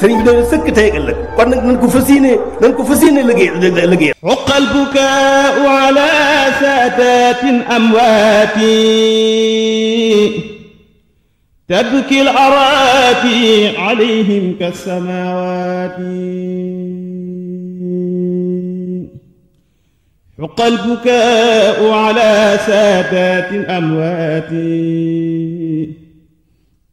sëriñ bi dañu sëkk tey ëllëg kon nag nañ ko fas yéene nañ ko fas yéene liggéey liggéey uqal bukaau ala saadatin amwaati tabki al araati alayhim kasamawaati حق البكاء على سادات أمواتي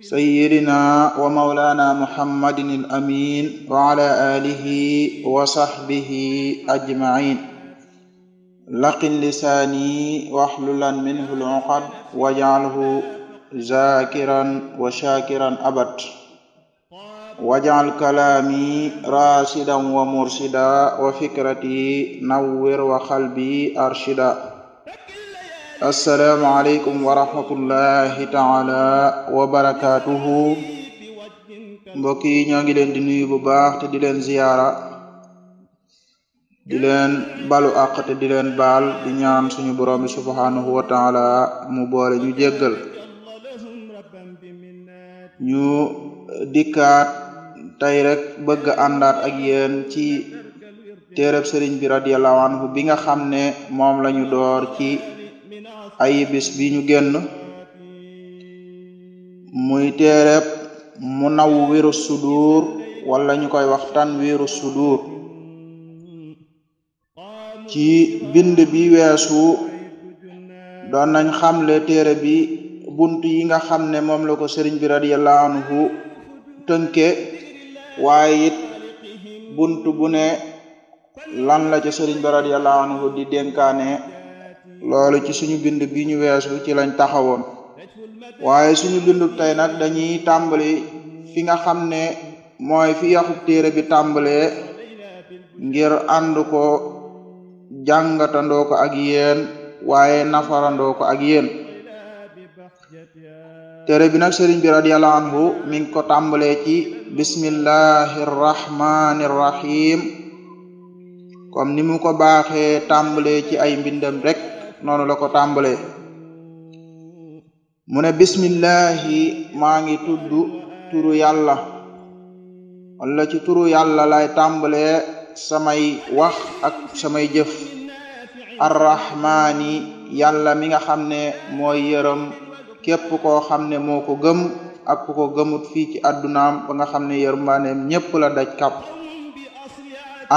sayyidina wa mawlana muhammadin al amin wa ala alihi wa sahbihi ajma'in laqin lisaani waxlulan minhu al uqad waj'alhu zakiran wa shakiran abad waj'al kalaami rasidan wa mursida wa fikrati nawwir wa qalbi arshida assalaamu aleykum wa rahmatullahi taala wa barakaatuhu mbokk yi ñoo ngi leen di nuyu bu baax te di leen ziyaara di leen balu àq te di leen baal di ñaan suñu borom bi subhaanahu wa taala mu boole ñu jéggal ñu dikkaat tey rek bëgg àndaat ak yéen ci téereb sëriñ bi radiallahu anhu bi nga xam ne moom lañu door ci ay bis bi ñu génn muy téereb Munawwirus Sudur wala ñu koy wax Tanwirus Sudur ci bind bi weesu doon nañ xamle téere bi bunt yi nga xam ne moom la ko sëriñ bi radiyallahu anhu tënke waaye it bunt bu ne lan la ca sëriñ bi radiyallahu di dénkaane loolu ci suñu bind bi ñu weesu ci lañ taxawoon waaye suñu bindu tey nag dañuy tàmbali fi nga xam ne mooy fi yaxub téere bi tàmbalee ngir ànd ko jàngatandoo ko ak yéen waaye nafarandoo ko ak yéen téere bi nag sëriñ bi radiyallahu anhu mi ngi ko tàmbalee ci bismillahi rrahmani rrahim comme ni mu ko baaxee tàmbalee ci ay mbindam rek noonu la ko tàmbalee mu ne bismillahi maa ngi tudd turu yàlla wala ci turu yàlla lay tàmbalee samay wax ak samay jëf arrahmaani yàlla mi nga xam ne mooy yërëm képp koo xam ne moo ko gëm ak ko gëmut fii ci addunaam ba nga xam ne yërmaaneem ñépp la daj kàpp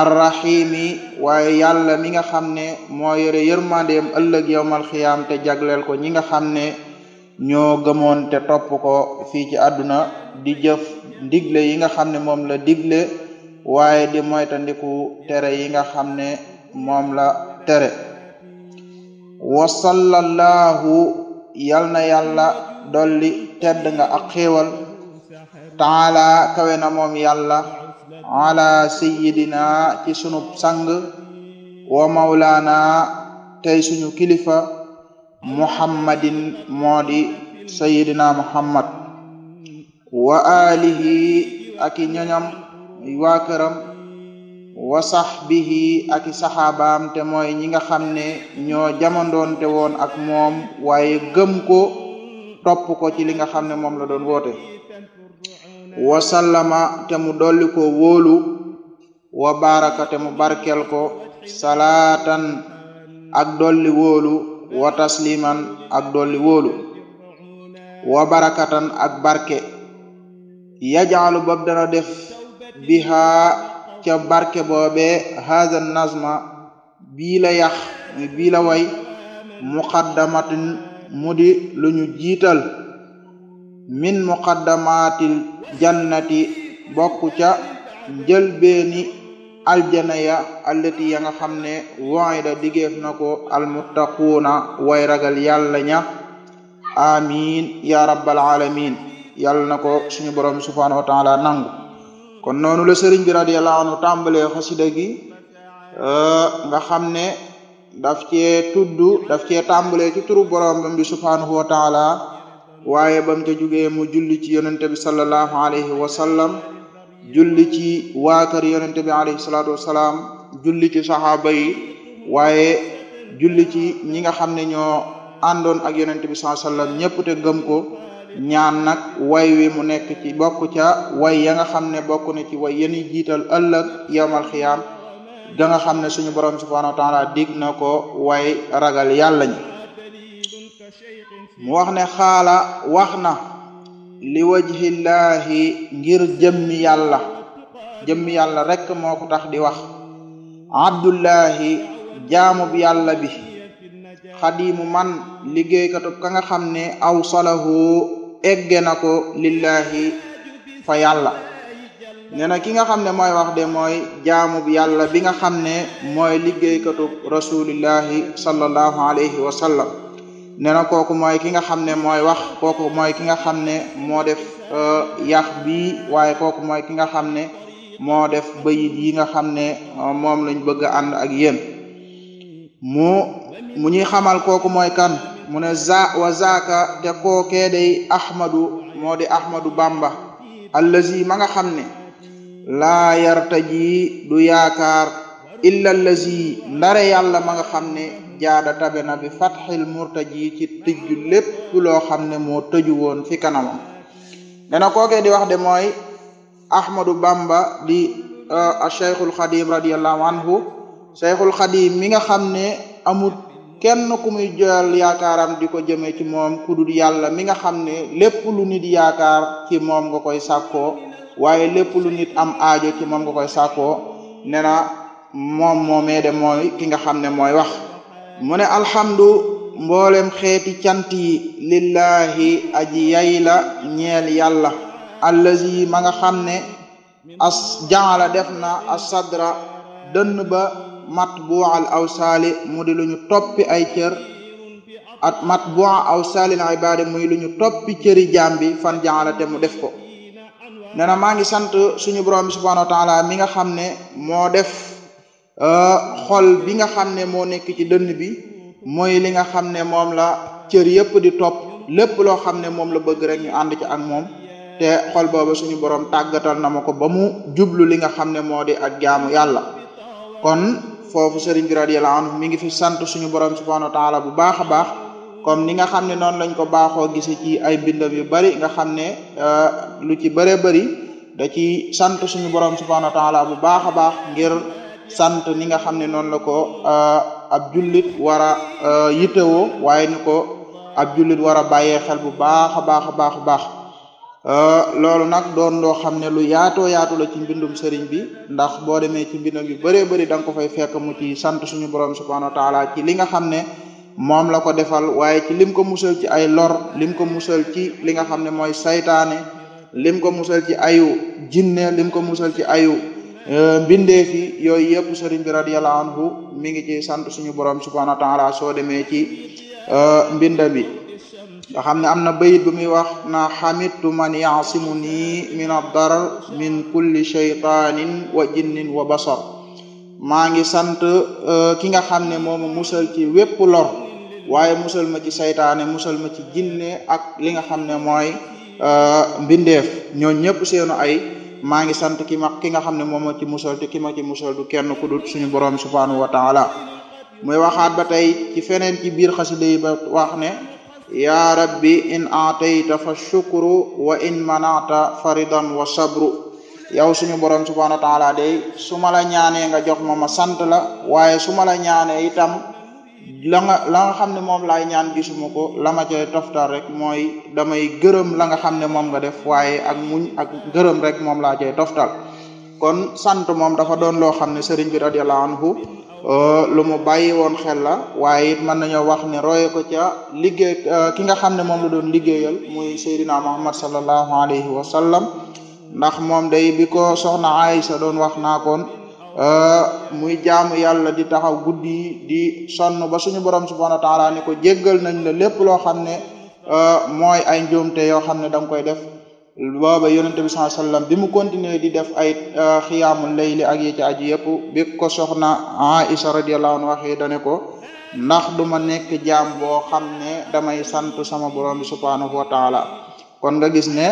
arrahimi waaye yàlla mi nga xam ne moo yore yërmandeem ëllëg yowmal xiyaam te jagleel ko ñi nga xam ne ñoo gëmoon te topp ko fii ci àdduna di jëf digle yi nga xam ne moom la digle waaye di moytandiku tere yi nga xam ne moom la tere wa sallallahu yal na yàlla dolli tedd nga ak xéewal taala kawe na moom ala sayyidina ci sunu sang wa mawlaana tey suñu kilifa muhammadin moo di sayyidina muhammad wa alihi aki ñoñam waa këram wa sahbihi aki saxaabaam te mooy ñi nga xam ne ñoo jamondoon woon ak moom waaye gëm ko topp ko ci li nga xam ne moom la doon woote wa sallama mu dolli ko wóolu wa baraka te barkel ko salaatan ak dolli wóolu wa tasliman ak dolli wóolu wa barakatan ak barke yajaalu bob dana def biha ca barke boobe haza nazma bii la yax bii la way muqaddamatin mu lu ñu jiital min muqaddamaatil jannati bokk ca njëlbeeni aljana ya allati ya nga xam ne wayda digeef na ko almuttaquuna way ragal yàlla ña amin ya rabbal alamin yàlla na ko suñu borom bi subhanahu nangu kon noonu la sëriñ bi radiyallahu anhu tàmbalee xasida euh, nga xam ne daf cee tudd daf cee tàmbalee ci borom bi subhanahu wa waaye bam ca jugee mu julli ci yonente bi sallallahu alayhi wa sallam julli ci waa kër yonente bi alayhi salaatu wasalaam julli ci saxaaba yi waaye julli ci ñi nga xam ne ñoo àndoon ak yonente bi sallallahu alayhi wa ñépp te gëm ko ñaan nag way wi mu nekk ci bokk ca way ya nga xam ne bokk na ci way yi jiital ëllëg yawmal xiyaam ga nga xam ne suñu borom subhaanahu wa dig na ko way ragal yàlla ñi mu wax ne xaala wax na li wajhillaahi ngir jëmmi yàlla jëmmi yàlla rek moo ko tax di wax abdullahi jaamub yàlla bi xadimu man liggéeykatub ka nga xam ne aw salahu egge na ko lillahi fa yàlla nee na ki nga xam ne mooy wax de mooy jaamub yàlla bi nga xam ne mooy liggéeykatub rasulillahi sallallahu alayhi wa nee na kooku mooy ki nga xam ne mooy wax kooku mooy ki nga xam ne moo def euh, yàq bi waaye kooku mooy ki nga xam ne moo def bayit yi nga xam ne euh, moom lañ bëgg a ànd ak yéen mu mu ñuy xamal kooku mooy kan mu ne za wa zaaka te kookee day ahmadu moo di ahmadu bamba allazi ma nga xam ne laa ji du yaakaar illa allazi ndare yàlla ma nga jaada tabe na bi fatxil ji ci tëjju lépp loo xam ne moo tëju woon fi kanamam dana kookee di wax de mooy ahmadu bamba di euh, cheikhul xadim radiallahu anhu cheikhul mi nga xam ne amul kenn ku muy joyal yaakaaram di ko jëmee ci moom ku dul yàlla mi nga xam ne lépp lu nit yaakaar ci moom nga koy sàkkoo waaye lépp lu nit am aajo ci moom nga koy sàkkoo nee na moom moomee de ki nga xam ne mooy wax mu ne alhamdu mboolem xeeti cant yi lillahi aji yay la ñeel yàlla allazi ma nga xam ne as jaala def na a sadra dënn ba mat bual aw saali mu di lu ñu toppi ay cër at mat bua aw saalil ibaada muy lu ñu toppi cëri jaam bi fan jaala te mu def ko nee na maa ngi sant suñu borom bi mi nga xam ne moo def Euh, xol bi nga xam ne moo nekk ci dënn bi mooy li nga xam ne moom la cër yëpp di topp lépp loo xam ne moom la bëgg rek ñu ànd ci ak moom te xol suñu borom tàggatal na ma ko ba mu jublu li nga xam ne moo di ak jaamu yàlla kon foofu sëriñ bi radiyallahu anhu mi ngi fi sant suñu borom subhanahu wa taala bu baax a baax comme ni nga xam ne noonu lañ ko baaxoo gisee ci ay bindam yu bari nga xam ne euh, lu ci bëree bëri da ci sant suñu borom subhanahu wa taala bu baax a baax ngir sant ni nga xam ne noonu la ko euh, ab julit war a euh, yittewoo waaye ni ko ab julit war a bàyyee xel bu baax a baax a baax a baax euh, loolu nag doon loo xam ne lu yaatoo yaatu la ci mbindum sëriñ bi ndax boo demee ci mbindum yu bëree bëri dang ko fay fekk mu ci sant suñu borom subhanahu wa taala ci li nga xam ne moom la ko defal waaye ci lim ko musal ci ay lor lim ko musal ci li nga xam ne mooy saytaane lim ko musal ci ayu jinne lim ko musal ci ayu Euh, mbindeef yi yooyu yëpp sëriñ bi radiyallahu anhu mi ngi ci sant suñu borom subhanahu wa soo demee ci euh, mbinda bi nga xam ne am na bayit bu muy wax na xamitu man yaasimuni min ad-darar min kulli shaytanin wa jinnin wa basar maa ngi sant euh, ki nga xam ne mooma musal ci wépp lor waaye musal ma ci saytaane musal ma ci jinne ak li nga xam ne mooy mbindeef ñoo ñëpp seenu ay maa ngi sant ki ma ki nga xam ne moom moo ci musal te ma ci musal du kenn ku dul suñu borom subhanahu wa taala muy waxaat ba tey ci feneen ci biir xasida yi ba wax ne yaa rabbi in aatayta fa shukru wa in manata faridan wa sabru yow suñu borom subhanahu wa taala day su ma la ñaanee nga jox ma ma sant la waaye su ma la ñaanee itam la nga la nga xam ne moom laay ñaan gisuma ko la ma cay toftal rek mooy damay gërëm la nga xam ne moom nga def waaye ak muñ ak gërëm rek moom laa cay toftal kon sant moom dafa doon loo xam ne sëriñ bi radiyallahu anhu euh, lu mu bàyyi woon xel la waaye it mën nañoo wax ne roye ko ca liggéey euh, ki nga xam ne moom la doon liggéeyal muy Seydina Muhammad sallallahu alayhi wa ndax moom day bi ko soxna Aïsa doon wax naa koon Euh, muy jaamu yàlla di taxaw guddi di sonn ba suñu borom subhanahu wa taala ni ko jéggal nañ la lépp loo xam ne euh, mooy ay njuumte yoo xam ne dam koy def booba yonente bi sallallahu alayhi bi mu continuer di def ay euh, xiyaamul layli ak yi ci yëpp bi ko soxna Aisha radiyallahu anha waxee dane ko ndax duma nekk jaam boo xam ne damay sant sama borom bi subhanahu wa kon nga gis ne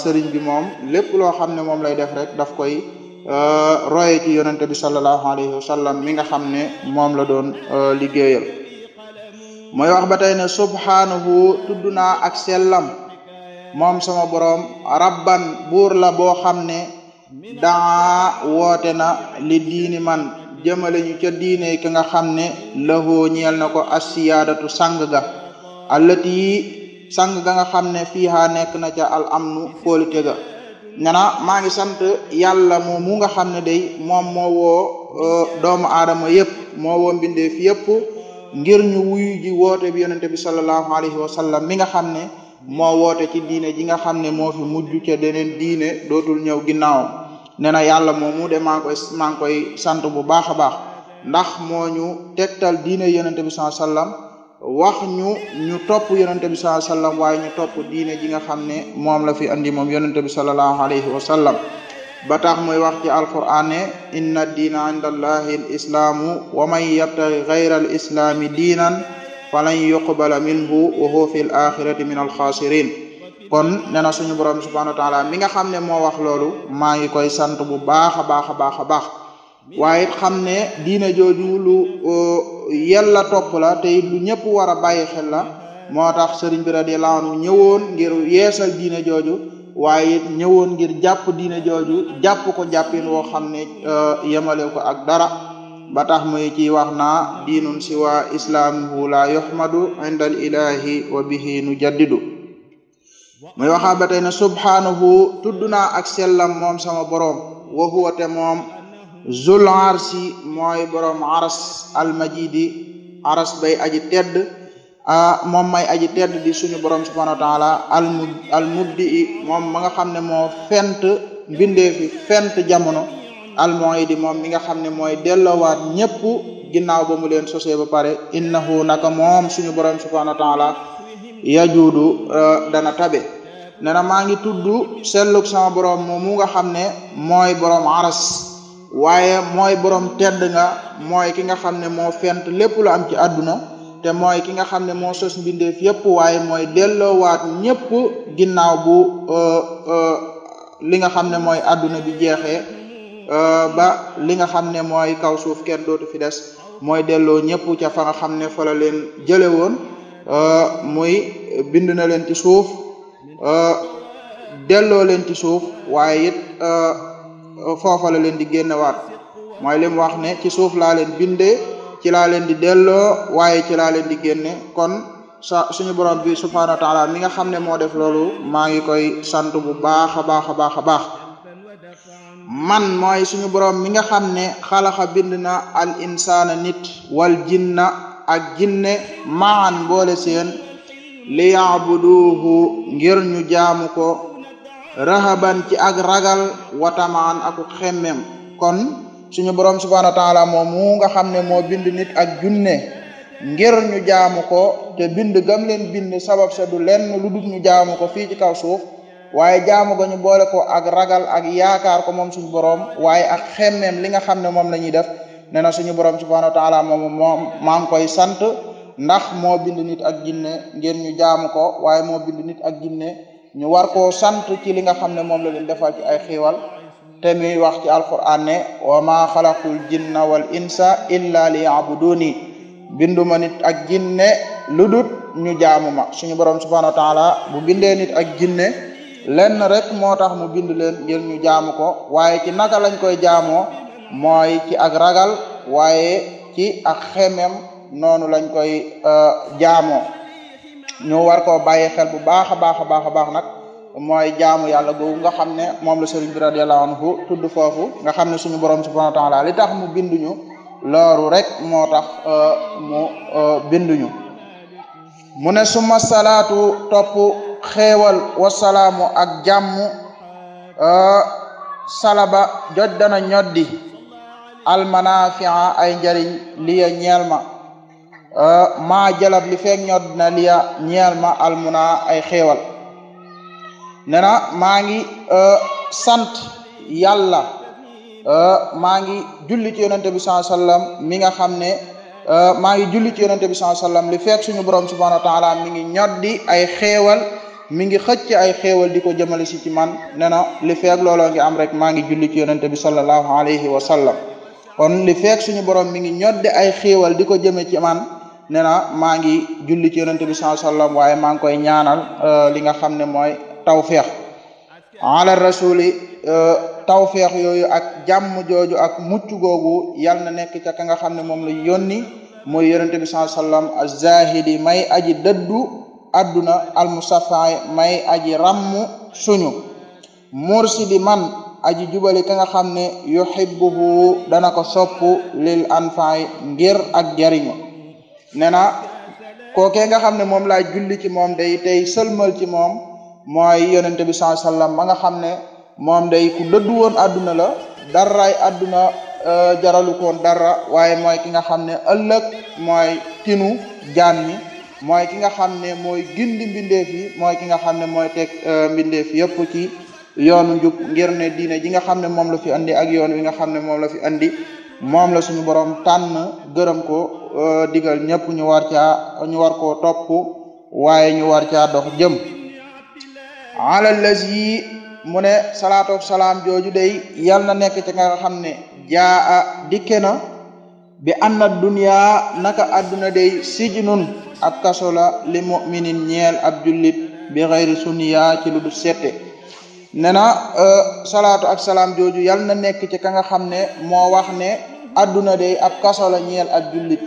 sëriñ bi moom lépp loo xam ne moom lay def rek daf koy Euh, roye ci yonente bi sallallahu alayhi wa sallam mi nga xam ne moom la doon euh, liggéeyal mooy wax ba tey ne subhaanahu tudd naa ak sellam moom sama boroom rabban buur la boo xam ne daa woote na li diini man jëmale ñu ca diine ki nga xam ne lahoo ñeel na ko asiyaadatu sang ga allati sang ga nga xam ne fiiha nekk na ca al amnu kóolite ga ne na maa ngi sant yàlla moom mu nga xam ne day moom moo woo uh, doomu aadama yëpp moo woo mbindeef yépp ngir ñu wuy ji woote bi yonente bi alayhi wa sallam mi nga xam ne moo woote ci diine ji nga xam ne moo fi mujj ca deneen diine dootul ñëw ginnaaw ne na yàlla moomu de maa ngi koy sant bu baax a baax ndax moo ñu tegtal diine yonente bi sallallahu alayhi wa sallam wax ñu ñu topp yonente bi sallallahu alayhi wa sallam waaye ñu topp diine ji nga xam ne moom la fi andi moom yonente bi sallallahu alayhi wa sallam ba tax muy wax ci alquran ne inna diina inda allahi al islaamu wa man yabtagi gayra al islaami diinan falan yuqbala minhu wa huwa fi l axirati min alxaasirin kon nee na suñu borom subhanahu wa taala mi nga xam ne moo wax loolu maa ngi koy sant bu baax a baax a baax a baax waaye it xam ne diina jooju lu yàlla topp la te lu ñëpp war a bàyyi xel la moo tax sëriñ bi radiyallahu anhu ñëwoon ngir yeesal diina jooju waaye it ngir jàpp diina jooju jàpp ko jàppin woo xam ne yemale ko ak dara batax tax ci wax naa diinun siwa islaamuhu la yuhmadu inda ilahi wa bihi nu jaddidu muy waxaa ne subhaanahu tudd naa ak sellam moom sama borom wa huwa te moom zul arsi mooy borom aras almajidi aras bay aji tedd ah, moom may aji tedd di suñu borom subhanahu wa taala almu i moom ma nga xam ne moo fent mbindee fi fent jamono almuidi moom mi nga xam ne mooy delloowaat ñépp ginnaaw ba mu leen sosee ba pare innahu naka moom suñu borom subhanahu wa taala ah, dana tabe nee na maa ngi tudd sellug sama borom moomu nga xam ne mooy boroom aras waaye mooy borom tedd nga mooy ki nga xam ne moo fent lépp lu am ci àdduna te mooy ki nga xam ne moo sos mbindeef yépp waaye mooy delloowaat ñépp ginnaaw bu euh, euh, li nga xam ne mooy àdduna bi jeexee euh, ba li nga xam ne mooy kaw suuf kenn dootu fi des mooy delloo ñépp ca fa nga xam ne fa la leen jële woon muy bind na leen ci suuf delloo leen ci suuf waaye it foofa la leen di génnewaat mooy lim wax ne ci suuf laa leen bindee ci laa leen di delloo waaye ci laa leen di génne kon sa suñu borom bi subhaanahu wa taala mi nga xam ne moo def loolu maa ngi koy sant bu baax a baax a baax a baax man mooy suñu borom mi nga xam ne xalaxa bind na al insaana nit wal jinna ak jinne maan boole seen li yaabuduhu ngir ñu jaamu ko rahaban ci ak ragal watamaan aku xemmem kon suñu borom subhanahu wa moom mu nga xam ne moo bind nit ak junne ngir ñu jaamu ko te bind kam leen bind sabab sa du lenn lu dul ñu jaamu ko fii ci kaw suuf waaye jaamu ko ñu boole ko ak ragal ak yaakaar ko moom suñu borom waaye ak xemmem li nga xam ne moom la ñuy def nee na suñu borom subhanahu wa moom moom maa ngi koy sant ndax moo bind nit ak jinne ngir ñu jaamu ko waaye moo bind nit ak jinne ñu war koo sant ci li nga xam ne moom la leen defal ci ay xiiwal te muy wax ci alquran ne wa maa xalaqul jinna wal insa illa li yabuduni binduma nit ak jinne lu dut ñu jaamu ma suñu borom subhanahu wa taala bu bindee nit ak jinne lenn rek moo tax mu bind leen ngir ñu jaamu ko waaye ci naka lañ koy jaamoo mooy ci ak ragal waaye ci ak xemem noonu lañ koy euh, jaamoo ñu war koo bàyyi xel bu baax a baax a baax a baax nag mooy jaamu yàlla googu nga xam ne moom la sëriñ bi radiyallahu anhu tudd foofu nga xam ne suñu borom subhanahu wa taala li tax mu binduñu looru rek moo tax euh, mu euh, binduñu mu ne suma salaatu topp xewal wasalaamu ak jàmm euh, salaba jot dana ñoddi fi ay njariñ liya ñeel Euh, maa jalat li feeg ñod na liya ñeel ma almuna ay xéewal nee maa ngi euh, sant yàlla euh, maa ngi julli ci yonente bi saa sallam mi nga xam ne maa ngi julli ci yonente bi saa sallam li feeg suñu borom subhanahu wa taala mi ngi ñoddi ay xewal mi ngi xëcc ay xewal di ko jëmale si ci man nena na li feeg looloo ngi am rek maa ngi julli ci yonente bi sallallahu alayhi wa sallam kon li feeg suñu borom mi ngi ñoddi ay xéewal di ko jëme ci man nee na maa ngi julli ci yonente bi waaye maa ngi koy ñaanal euh, li nga xam ne mooy tawfeex ala rasuli euh, tawfeex yooyu ak jàmm jooju ak mucc googu yal na nekk ca ka nga xam ne moom la yónni mooy yonente bi sallallahu alayhi wasallam azahidi may aji dëddu adduna almusafaay may aji ràmm suñu mursidi man aji jubali ka nga xam ne yuhibbuhu dana ko sopp lil anfaay ngir ak jariñu nee na kookee nga xam ne moom laa julli ci moom day tey sëlmal ci moom mooy yonente bi saa sallam ba nga xam ne moom day ku dëddu woon àdduna la daraay àdduna euh, jaralu koon dara waaye mooy ki nga xam ne ëllëg mooy tinu jaam ñi mooy ki nga xam ne mooy gindi mbindeef yi mooy ki nga xam ne mooy teg euh, mbindeef yëpp ci yoonu njub ngir ne diine ji nga xam ne moom la fi andi ak yoon wi nga xam ne moom la fi indi moom la suñu borom tànn gërëm ko Eh, digal ñëpp ñu war caa war koo topp waaye ñu war caa dox jëm ala lazi mu ne salaatu salaam jooju day yal na nekk ci nga xam ne jaa a dikke na bi anna dunya naka adduna day sijnun ab kaso la li muminin ñeel ab jullit bi xayri sunniya ci lu du sette ne na eh, ak salaam jooju yal nekk ci ka xam ne moo wax ne adduna de ab kaso la ñeel ab jullit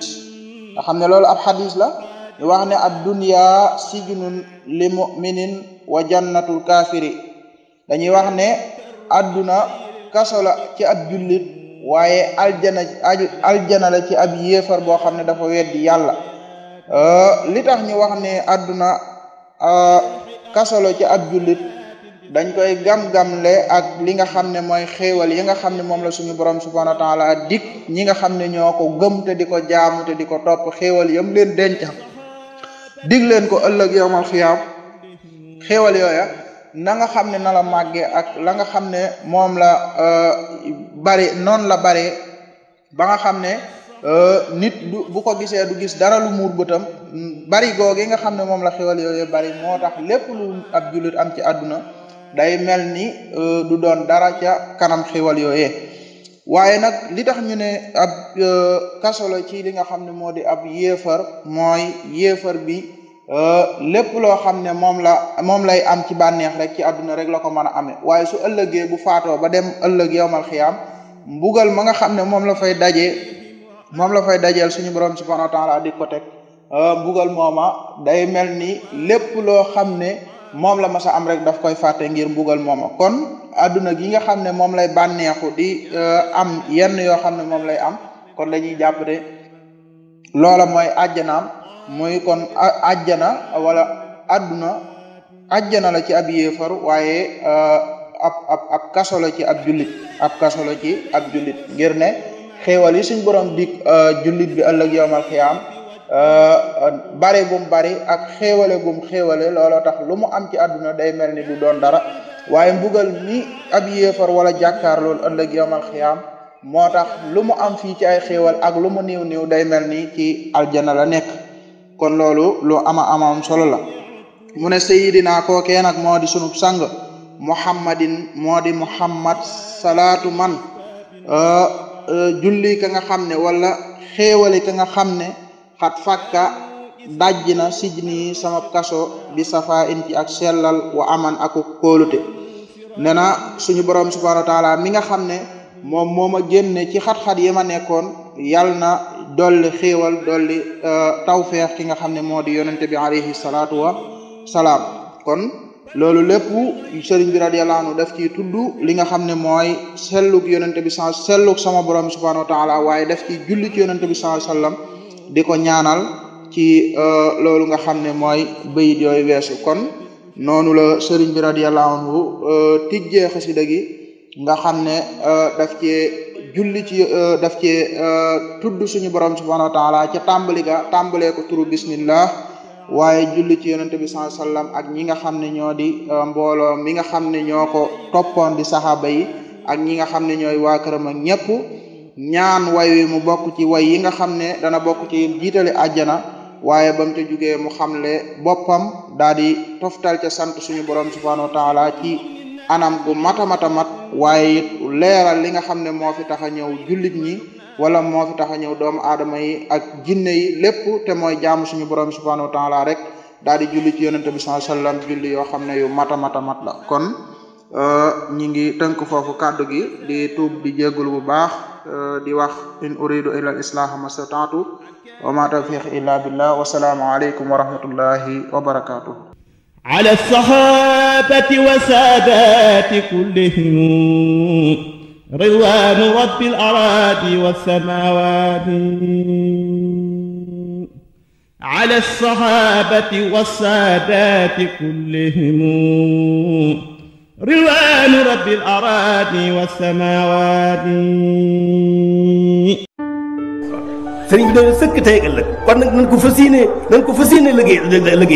nga xam ne loolu ab xadis la ñu wax ne ab dunya sijnun li muminin wa jannatul kafiri dañuy wax ne adduna kasola ci ab jullit waaye aljana la ci ab yéefar boo xam ne dafa weddi yàlla euh, li tax wax ne adduna euh, kasolo ci ab jullit dañ koy gam-gamle ak li nga xam ne mooy xéewal yi nga xam ne moom la suñu borom subhanahu wa taala dik ñi nga xam ne ñoo ko gëm te di ko jaamu te di ko topp xéewal yam leen dencal dig leen ko ëllëg yowmal xiyaam xéewal yooya na nga xam ne na la màggee ak la nga xam ne moom la euh, bari noonu la bare ba nga xam ne euh, nit du bu ko gisee du gis dara lu muur bëtam bari googee nga xam ne moom la xéewal yooya bari moo tax lépp lu ab jullit am ci àdduna day mel ni euh, du doon dara ca kanam xéwal yooyee waaye nag li tax ñu ne ab euh, kaso la ci li nga xam ne moo di ab yéefar mooy yéefar bi euh, lépp loo xam ne moom la moom lay am ci bànneex rek ci àdduna rek la ko mën a amee waaye su ëllëgee bu faatoo ba dem ëllëg yowmal xiyaam mbugal ma nga xam ne moom la fay daje moom la fay dajeel suñu borom subhanahu wa taala di ko teg mbugal mooma day mel ni lépp loo xam ne moom la masa am rek daf koy fàtte ngir mbugal mooma kon adduna gi nga xam ne moom lay bànneexu di euh, am yenn yoo xam ne moom lay am kon la ñuy jàpp ne loola mooy ajjanaam muy kon ajjana wala adduna ajjana la ci ab yéefar waaye euh, ab ab ab kaso la ci ab jullit ab kaso la ngir ne xéewal yi suñ borom dik euh, jullit bi ëllëg yowmal xiyaam Euh, bare gum bari ak xéewale gum xéewale looloo tax lu mu am ci àdduna day mel ni du doon dara waaye mbugal mi ab yéefar wala jàkkaar loolu ëllëg yawmal xiyaam moo tax lu mu am fii ci ay xéewal ak lu mu niiw niiw day mel ni ci aljana la nekk kon loolu lu ama amam solo la mu ne sayidina kookee nag moo di sunub sang muhammadin moo di muhammad salaatu man euh, euh, julli ka nga xam ne wala xéewali ka nga xam ne xat fakka dajji na sijni sama kaso bi safa in ci ak sellal wa aman aku kóolute nee na suñu borom subhanahu wa mi nga xam ne moom moom a génne ci xat-xat yi ma nekkoon yal na dolli xéewal dolli euh, tawfeex ki nga xam ne moo di yonente bi alayhi salaatu wa salaam kon loolu lépp sëriñ bi radiyallahu anhu daf ciy tudd li nga xam ne mooy sellug yonente bi sa sellug sama borom subhanahu wa waaye daf ciy julli ci yonente bi sallallahu di ko ñaanal ci euh, loolu nga xam ne mooy bayit yooyu weesu kon noonu la sëriñ bi radiyallahu anhu euh, tijjee xasida gi nga xam ne euh, daf cee julli ci daf cee tudd suñu borom subhanahu wa ca tàmbali ga tàmbalee ko turu bismillah waaye julli ci yonent bi sallallahu alayhi wasallam ak ñi nga xam ne ñoo di mbooloo mi nga xam ne ñoo ko toppoon di saxaaba yi ak ñi nga xam ne ñooy waa këram ak ñaan way mu bokk ci way yi nga xam ne dana bokk ci jiitale àjjana waaye ba mu ca jugee mu xamle boppam daal di toftal ca sant suñu borom subhanahu wa taala ci anam gu mat a mat a mat waaye it leeral li nga xam ne moo fi tax a ñëw jullit ñi wala moo fi tax a ñëw doom aadama yi ak jinne yi lépp te mooy jaamu suñu borom subhanahu wa taala rek daal di julli ci yonente bi sallallahu alayhi wasallam julli yoo xam ne yu mat a mat mat la kon euh, ñi ngi tënk foofu kàddu gi di tuub di jéggul bu baax Eh, di wax in uridu illa al islaha mastata'tu wa ma tawfiq illa billah wa salaamu alaykum wa rahmatullahi wa barakatuh ala sahabati wa sadati kullihim رضوان رب الأراضي والسماوات على الصحابة والسادات كلهم riwaanu rabbil araadi wa samaawaati sëriñ bi de sëkk tey ëllëg kon nag nañ ko fas yéene nañ ko fas yéene liggéey liggéey